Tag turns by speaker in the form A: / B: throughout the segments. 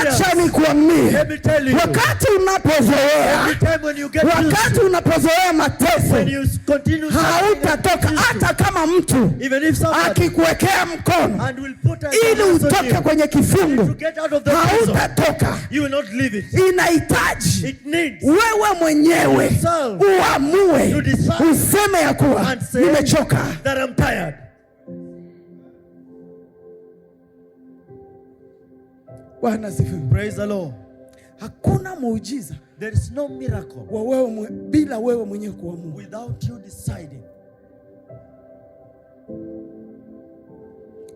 A: Acha nikuambie, wakati unapozoea, wakati unapozoea mateso hautatoka. Hata kama mtu akikuwekea mkono ili utoke kwenye kifungo, hautatoka. Inahitaji wewe mwenyewe uamue, useme ya kuwa nimechoka. Bwana sifiwe.
B: Praise the Lord.
A: Hakuna muujiza. There is no miracle. Wa wewe bila wewe mwenyewe kuamua.
B: Without you deciding.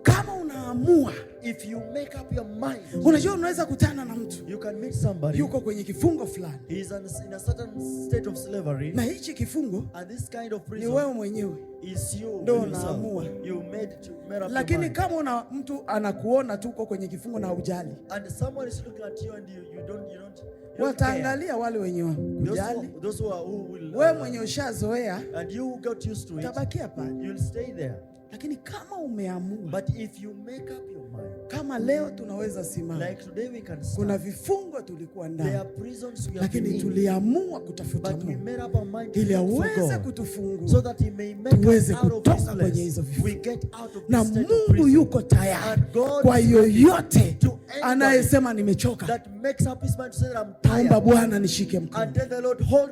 A: Kama una unaamua If you make up your mind, unajua unaweza kutana na mtu you can meet somebody, yuko kwenye kifungo fulani
B: he is in a certain state of slavery,
A: na hichi kifungo and this kind of prison, ni wewe mwenyewe ndio unaamua, lakini kama una mtu anakuona tu uko kwenye kifungo na hujali, wataangalia wale wenye kujali. Wewe uh, mwenye ushazoea, tabakia pale. Lakini kama umeamua, but if you make up your mind, kama leo tunaweza simama, like today we can stand. Kuna vifungo tulikuwa ndani, lakini tuliamua kutafuta Mungu ili aweze kutufungua, so that he may make tuweze kutoka kwenye hizo vifungo, na Mungu yuko tayari kwa yoyote anayesema nimechoka, taomba Bwana nishike mkono.